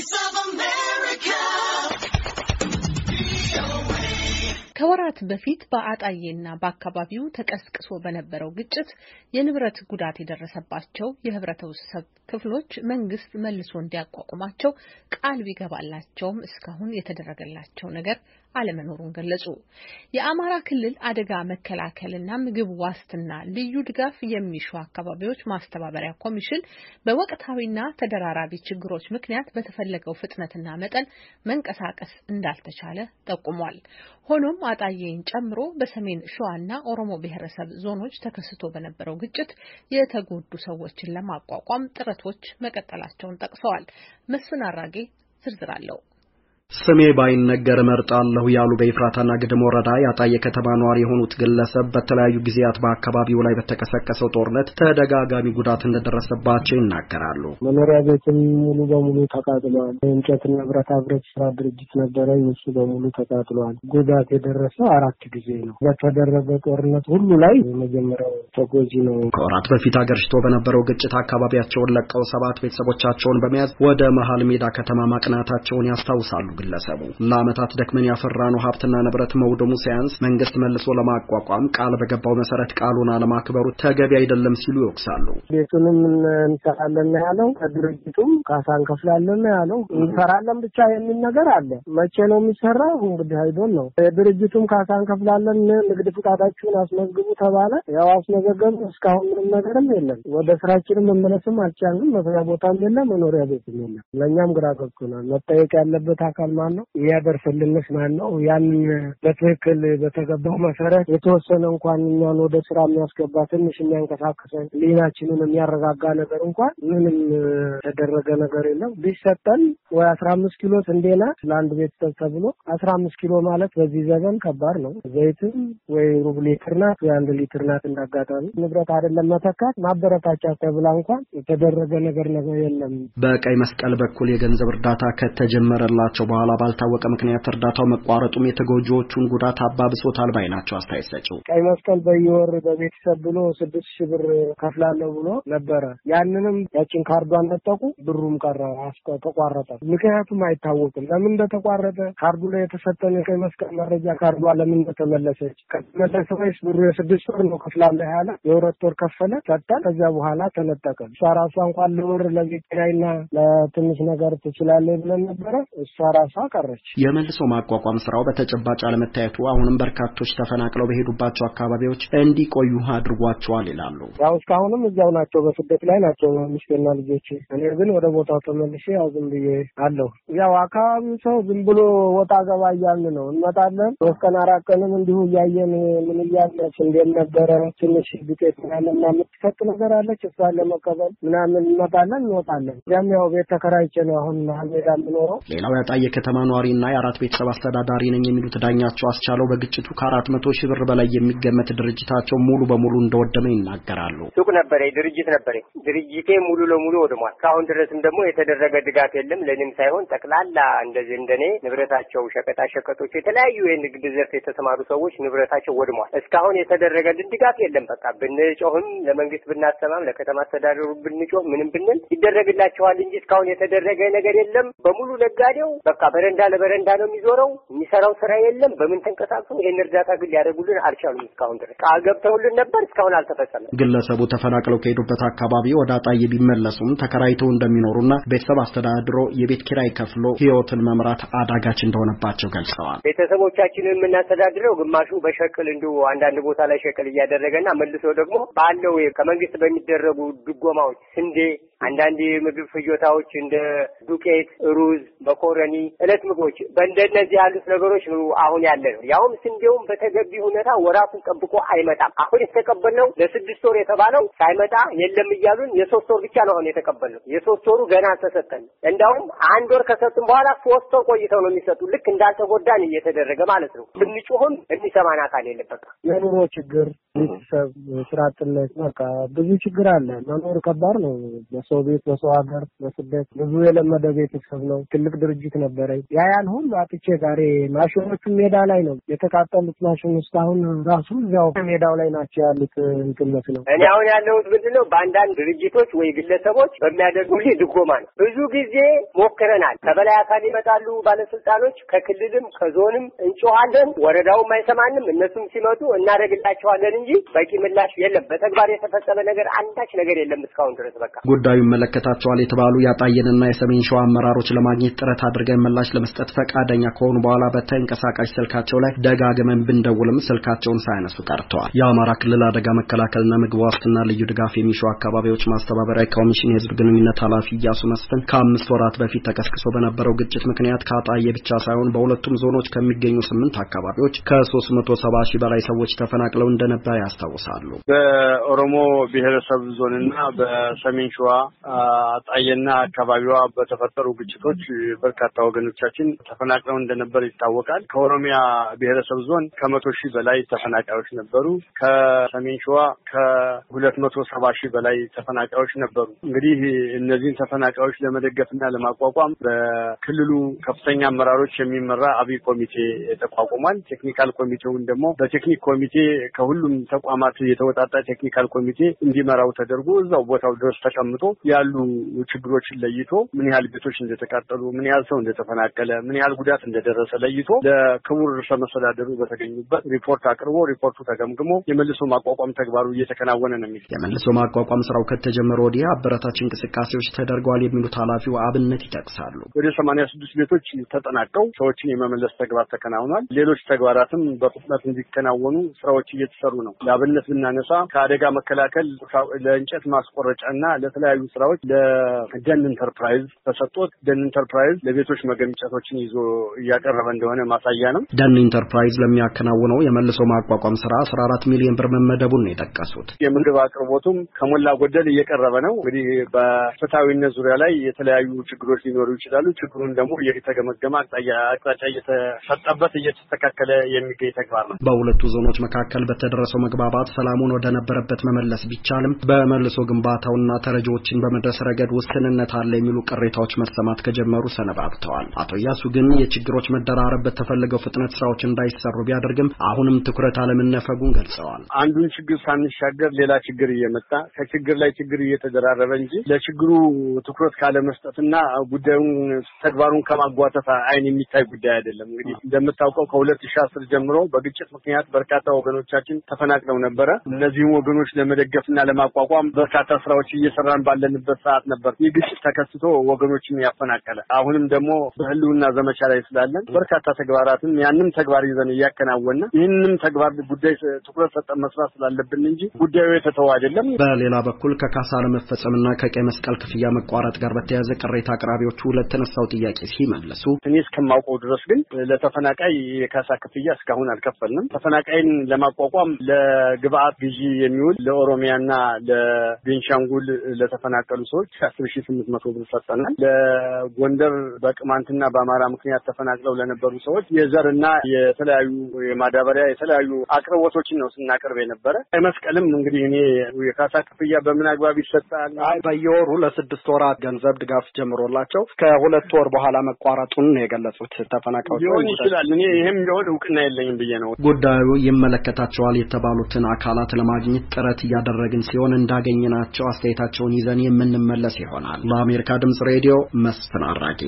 voice of በፊት በአጣዬና በአካባቢው ተቀስቅሶ በነበረው ግጭት የንብረት ጉዳት የደረሰባቸው የህብረተሰብ ክፍሎች መንግስት መልሶ እንዲያቋቁማቸው ቃል ቢገባላቸውም እስካሁን የተደረገላቸው ነገር አለመኖሩን ገለጹ። የአማራ ክልል አደጋ መከላከልና ምግብ ዋስትና ልዩ ድጋፍ የሚሹ አካባቢዎች ማስተባበሪያ ኮሚሽን በወቅታዊና ተደራራቢ ችግሮች ምክንያት በተፈለገው ፍጥነትና መጠን መንቀሳቀስ እንዳልተቻለ ጠቁሟል። ሆኖም አጣዬ ሰሜን ጨምሮ በሰሜን ሸዋና ኦሮሞ ብሔረሰብ ዞኖች ተከስቶ በነበረው ግጭት የተጎዱ ሰዎችን ለማቋቋም ጥረቶች መቀጠላቸውን ጠቅሰዋል። መስፍን አራጌ ዝርዝር አለው። ስሜ ባይነገር መርጣለሁ ያሉ በኤፍራታና ግድም ወረዳ ያጣየ ከተማ ነዋሪ የሆኑት ግለሰብ በተለያዩ ጊዜያት በአካባቢው ላይ በተቀሰቀሰው ጦርነት ተደጋጋሚ ጉዳት እንደደረሰባቸው ይናገራሉ። መኖሪያ ቤትም ሙሉ በሙሉ ተቃጥሏል። እንጨትና ብረታ ብረት ስራ ድርጅት ነበረ፣ እሱ በሙሉ ተቃጥሏል። ጉዳት የደረሰው አራት ጊዜ ነው። በተደረገ ጦርነት ሁሉ ላይ የመጀመሪያው ተጎጂ ነው። ከወራት በፊት አገርሽቶ በነበረው ግጭት አካባቢያቸውን ለቀው ሰባት ቤተሰቦቻቸውን በመያዝ ወደ መሀል ሜዳ ከተማ ማቅናታቸውን ያስታውሳሉ። ግለሰቡ ለአመታት ደክመን ያፈራነው ሀብትና ንብረት መውደሙ ሳያንስ መንግስት መልሶ ለማቋቋም ቃል በገባው መሰረት ቃሉን አለማክበሩ ተገቢ አይደለም ሲሉ ይወቅሳሉ። ቤቱንም እንሰራለን ያለው ከድርጅቱም ካሳ እንከፍላለን ያለው እንሰራለን ብቻ የሚል ነገር አለ። መቼ ነው የሚሰራው? እንግዲህ አይዶን ነው። ድርጅቱም ካሳ እንከፍላለን፣ ንግድ ፍቃዳችሁን አስመዝግቡ ተባለ። ያው አስመዘገብ እስካሁን ምንም ነገርም የለም። ወደ ስራችንም መመለስም አልቻልንም። መስሪያ ቦታም የለም፣ መኖሪያ ቤትም የለም። ለእኛም ግራ ገብቶናል። መጠየቅ ያለበት አካል የሚያደርሰን ማን ነው? የሚያደርስልንስ ማን ነው? ያንን በትክክል በተገባው መሰረት የተወሰነ እንኳን እኛን ወደ ስራ የሚያስገባ ትንሽ የሚያንቀሳቅሰን ሊናችንን የሚያረጋጋ ነገር እንኳን ምንም የተደረገ ነገር የለም። ቢሰጠን ወይ አስራ አምስት ኪሎ ስንዴ ናት ለአንድ ቤተሰብ ተብሎ አስራ አምስት ኪሎ ማለት በዚህ ዘመን ከባድ ነው። ዘይትም ወይ ሩብ ሊትር ናት ወይ አንድ ሊትር ናት። እንዳጋጣሚ ንብረት አይደለም መተካት ማበረታቻ ተብላ እንኳን የተደረገ ነገር ነገር የለም። በቀይ መስቀል በኩል የገንዘብ እርዳታ ከተጀመረላቸው በኋላ ባልታወቀ ምክንያት እርዳታው መቋረጡም የተጎጂዎቹን ጉዳት አባብሶታል ባይ ናቸው አስተያየት ሰጪው። ቀይ መስቀል በየወር በቤተሰብ ብሎ ስድስት ሺህ ብር ከፍላለሁ ብሎ ነበረ። ያንንም ያችን ካርዷን ነጠቁ፣ ብሩም ቀረ፣ ተቋረጠ። ምክንያቱም አይታወቅም ለምን እንደተቋረጠ። ካርዱ ላይ የተሰጠን የቀይ መስቀል መረጃ ካርዷ ለምን እንደተመለሰች ከተመለሰ ወይስ ብሩ የስድስት ወር ነው ከፍላለሁ ያለ የሁለት ወር ከፈለ ሰጠን። ከዚያ በኋላ ተነጠቀ። እሷ ራሷ እንኳን ለወር ለቤት ኪራይና ለትንሽ ነገር ትችላለ ብለን ነበረ እሷ ራሷ ተንሰራፋ ቀረች። የመልሶ ማቋቋም ስራው በተጨባጭ አለመታየቱ አሁንም በርካቶች ተፈናቅለው በሄዱባቸው አካባቢዎች እንዲቆዩ አድርጓቸዋል ይላሉ። ያው እስካሁንም እዚያው ናቸው፣ በስደት ላይ ናቸው ሚስቴና ልጆች። እኔ ግን ወደ ቦታው ተመልሼ ያው ዝም ብዬ አለሁ። ያው አካባቢው ሰው ዝም ብሎ ወጣ ገባ እያልን ነው። እንመጣለን ሶስት ቀን አራት ቀንም እንዲሁ እያየን ምን እያለ እንዴት ነበረ ትንሽ ዱቄት ምናምንና የምትሰጥ ነገር አለች እሷን ለመቀበል ምናምን እንመጣለን እንወጣለን። ያም ያው ቤት ተከራይቼ ነው አሁን ሜዳ የምኖረው። ሌላው ያጣየ የከተማ ነዋሪና የአራት ቤተሰብ አስተዳዳሪ ነኝ የሚሉት ዳኛቸው አስቻለው በግጭቱ ከአራት መቶ ሺህ ብር በላይ የሚገመት ድርጅታቸው ሙሉ በሙሉ እንደወደመ ይናገራሉ። ሱቅ ነበረ፣ ድርጅት ነበረ። ድርጅቴ ሙሉ ለሙሉ ወድሟል። እስካሁን ድረስም ደግሞ የተደረገ ድጋፍ የለም። ለእኔም ሳይሆን ጠቅላላ እንደዚህ እንደኔ ንብረታቸው፣ ሸቀጣ ሸቀጦች፣ የተለያዩ የንግድ ዘርፍ የተሰማሩ ሰዎች ንብረታቸው ወድሟል። እስካሁን የተደረገልን ድጋፍ የለም። በቃ ብንጮህም ለመንግስት ብናሰማም ለከተማ አስተዳደሩ ብንጮህ ምንም ብንል ይደረግላቸዋል እንጂ እስካሁን የተደረገ ነገር የለም። በሙሉ ነጋዴው በ በቃ በረንዳ ለበረንዳ ነው የሚዞረው። የሚሰራው ስራ የለም። በምን ተንቀሳቅሱ። ይሄን እርዳታ ግን ሊያደርጉልን አልቻሉም። እስካሁን ድረስ ቃል ገብተውልን ነበር፣ እስካሁን አልተፈጸመም። ግለሰቡ ተፈናቅለው ከሄዱበት አካባቢ ወደ አጣዬ ቢመለሱም ተከራይተው እንደሚኖሩና ቤተሰብ አስተዳድሮ የቤት ኪራይ ከፍሎ ህይወትን መምራት አዳጋች እንደሆነባቸው ገልጸዋል። ቤተሰቦቻችንን የምናስተዳድረው ግማሹ በሸቅል እንዲሁ አንዳንድ ቦታ ላይ ሸቅል እያደረገና መልሶ ደግሞ ባለው ከመንግስት በሚደረጉ ድጎማዎች ስንዴ አንዳንድ የምግብ ፍጆታዎች እንደ ዱቄት፣ ሩዝ፣ መኮረኒ፣ እለት ምግቦች በእንደነዚህ ያሉት ነገሮች አሁን ያለ ነው። ያውም ስንዴውም በተገቢ ሁኔታ ወራቱን ጠብቆ አይመጣም። አሁን የተቀበልነው ለስድስት ወር የተባለው ሳይመጣ የለም እያሉን የሶስት ወር ብቻ ነው አሁን የተቀበልነው። የሶስት ወሩ ገና አልተሰጠን። እንዳውም አንድ ወር ከሰጡን በኋላ ሶስት ወር ቆይተው ነው የሚሰጡ። ልክ እንዳልተጎዳን እየተደረገ ማለት ነው። ብንጮህም የሚሰማን አካል የለም። በቃ የኑሮ ችግር፣ ቤተሰብ ስራ አጥነት፣ በቃ ብዙ ችግር አለ። መኖር ከባድ ነው። በሰው ቤት፣ በሰው ሀገር፣ በስደት ብዙ የለመደ ቤተሰብ ነው። ትልቅ ድርጅት ነበረኝ። ያ ያን ሁሉ አጥቼ ዛሬ ማሽኖቹ ሜዳ ላይ ነው የተቃጠሉት። ማሽን እስካሁን ራሱ እዚያው ሜዳው ላይ ናቸው ያሉት። እንትነት ነው እኔ አሁን ያለሁት ምንድን ነው በአንዳንድ ድርጅቶች ወይ ግለሰቦች በሚያደርጉልኝ ድጎማ ነው። ብዙ ጊዜ ሞክረናል። ከበላይ አካል ይመጣሉ ባለስልጣኖች፣ ከክልልም ከዞንም እንጮኋለን። ወረዳውም አይሰማንም። እነሱም ሲመጡ እናደርግላቸዋለን እንጂ በቂ ምላሽ የለም። በተግባር የተፈጸመ ነገር አንዳች ነገር የለም እስካሁን ድረስ በቃ ጉዳዩ ይመለከታቸዋል የተባሉ ያጣየንና የሰሜን ሸዋ አመራሮች ለማግኘት ጥረት አድርገን ምላሽ ለመስጠት ፈቃደኛ ከሆኑ በኋላ በተንቀሳቃሽ ስልካቸው ላይ ደጋግመን ብንደውልም ስልካቸውን ሳያነሱ ቀርተዋል። የአማራ ክልል አደጋ መከላከልና ምግብ ዋስትና ልዩ ድጋፍ የሚሸው አካባቢዎች ማስተባበሪያ ኮሚሽን የህዝብ ግንኙነት ኃላፊ እያሱ መስፍን ከአምስት ወራት በፊት ተቀስቅሶ በነበረው ግጭት ምክንያት ከአጣየ ብቻ ሳይሆን በሁለቱም ዞኖች ከሚገኙ ስምንት አካባቢዎች ከሶስት መቶ ሰባ ሺህ በላይ ሰዎች ተፈናቅለው እንደነበር ያስታውሳሉ። በኦሮሞ ብሔረሰብ ዞንና በሰሜን ሸዋ አጣዬና አካባቢዋ በተፈጠሩ ግጭቶች በርካታ ወገኖቻችን ተፈናቅለው እንደነበር ይታወቃል። ከኦሮሚያ ብሔረሰብ ዞን ከመቶ ሺህ በላይ ተፈናቃዮች ነበሩ። ከሰሜን ሸዋ ከሁለት መቶ ሰባ ሺህ በላይ ተፈናቃዮች ነበሩ። እንግዲህ እነዚህን ተፈናቃዮች ለመደገፍና ለማቋቋም በክልሉ ከፍተኛ አመራሮች የሚመራ አብይ ኮሚቴ ተቋቁሟል። ቴክኒካል ኮሚቴውን ደግሞ በቴክኒክ ኮሚቴ ከሁሉም ተቋማት የተወጣጣ ቴክኒካል ኮሚቴ እንዲመራው ተደርጎ እዛው ቦታው ድረስ ተቀምጦ ያሉ ችግሮችን ለይቶ ምን ያህል ቤቶች እንደተቃጠሉ፣ ምን ያህል ሰው እንደተፈናቀለ፣ ምን ያህል ጉዳት እንደደረሰ ለይቶ ለክቡር ርዕሰ መስተዳደሩ በተገኙበት ሪፖርት አቅርቦ ሪፖርቱ ተገምግሞ የመልሶ ማቋቋም ተግባሩ እየተከናወነ ነው የሚል የመልሶ ማቋቋም ስራው ከተጀመረ ወዲህ አበረታች እንቅስቃሴዎች ተደርገዋል የሚሉት ኃላፊው አብነት ይጠቅሳሉ። ወደ ሰማንያ ስድስት ቤቶች ተጠናቀው ሰዎችን የመመለስ ተግባር ተከናውኗል። ሌሎች ተግባራትም በፍጥነት እንዲከናወኑ ስራዎች እየተሰሩ ነው። ለአብነት ብናነሳ ከአደጋ መከላከል ለእንጨት ማስቆረጫ እና ለተለያዩ የተለያዩ ስራዎች ለደን ኢንተርፕራይዝ ተሰጥቶት ደን ኢንተርፕራይዝ ለቤቶች መገንጨቶችን ይዞ እያቀረበ እንደሆነ ማሳያ ነው። ደን ኢንተርፕራይዝ ለሚያከናውነው የመልሶ ማቋቋም ስራ አስራ አራት ሚሊዮን ብር መመደቡን ነው የጠቀሱት። የምግብ አቅርቦቱም ከሞላ ጎደል እየቀረበ ነው። እንግዲህ በፍትሐዊነት ዙሪያ ላይ የተለያዩ ችግሮች ሊኖሩ ይችላሉ። ችግሩን ደግሞ እየተገመገመ አቅጣጫ እየተሰጠበት እየተስተካከለ የሚገኝ ተግባር ነው። በሁለቱ ዞኖች መካከል በተደረሰው መግባባት ሰላሙን ወደነበረበት መመለስ ቢቻልም በመልሶ ግንባታውና ተረጂዎች ሰዎችን በመድረስ ረገድ ውስንነት አለ የሚሉ ቅሬታዎች መሰማት ከጀመሩ ሰነባብተዋል። አቶ እያሱ ግን የችግሮች መደራረብ በተፈለገው ፍጥነት ስራዎች እንዳይሰሩ ቢያደርግም አሁንም ትኩረት አለመነፈጉን ገልጸዋል። አንዱን ችግር ሳንሻገር ሌላ ችግር እየመጣ ከችግር ላይ ችግር እየተደራረበ እንጂ ለችግሩ ትኩረት ካለመስጠትና ጉዳዩን ተግባሩን ከማጓተፍ አይን የሚታይ ጉዳይ አይደለም። እንግዲህ እንደምታውቀው ከሁለት ሺ አስር ጀምሮ በግጭት ምክንያት በርካታ ወገኖቻችን ተፈናቅለው ነበረ። እነዚህም ወገኖች ለመደገፍና ለማቋቋም በርካታ ስራዎች እየሰራን ባለ ባለንበት ሰዓት ነበር ይህ ግጭት ተከስቶ ወገኖችን ያፈናቀለ። አሁንም ደግሞ በህልውና ዘመቻ ላይ ስላለን በርካታ ተግባራትን ያንም ተግባር ይዘን እያከናወነ ይህንም ተግባር ጉዳይ ትኩረት ሰጠን መስራት ስላለብን እንጂ ጉዳዩ የተተው አይደለም። በሌላ በኩል ከካሳ አለመፈጸምና ከቀይ መስቀል ክፍያ መቋረጥ ጋር በተያያዘ ቅሬታ አቅራቢዎቹ ለተነሳው ጥያቄ ሲመለሱ እኔ እስከማውቀው ድረስ ግን ለተፈናቃይ የካሳ ክፍያ እስካሁን አልከፈልንም። ተፈናቃይን ለማቋቋም ለግብአት ግዢ የሚውል ለኦሮሚያና ለቤንሻንጉል ለተፈ ለተፈናቀሉ ሰዎች አስር ሺ ስምንት መቶ ብር ሰጠናል። ለጎንደር በቅማንትና በአማራ ምክንያት ተፈናቅለው ለነበሩ ሰዎች የዘርና የተለያዩ የማዳበሪያ የተለያዩ አቅርቦቶችን ነው ስናቀርብ የነበረ። መስቀልም እንግዲህ እኔ የካሳ ክፍያ በምን አግባብ ይሰጣል? በየወሩ ለስድስት ወራት ገንዘብ ድጋፍ ጀምሮላቸው ከሁለት ወር በኋላ መቋረጡን የገለጹት ተፈናቃዮች ሊሆን ይችላል። እኔ ይህም ቢሆን እውቅና የለኝም ብዬ ነው። ጉዳዩ ይመለከታቸዋል የተባሉትን አካላት ለማግኘት ጥረት እያደረግን ሲሆን እንዳገኘናቸው አስተያየታቸውን ይዘን የምንመለስ ይሆናል። ለአሜሪካ ድምፅ ሬዲዮ መስፍን አራጌ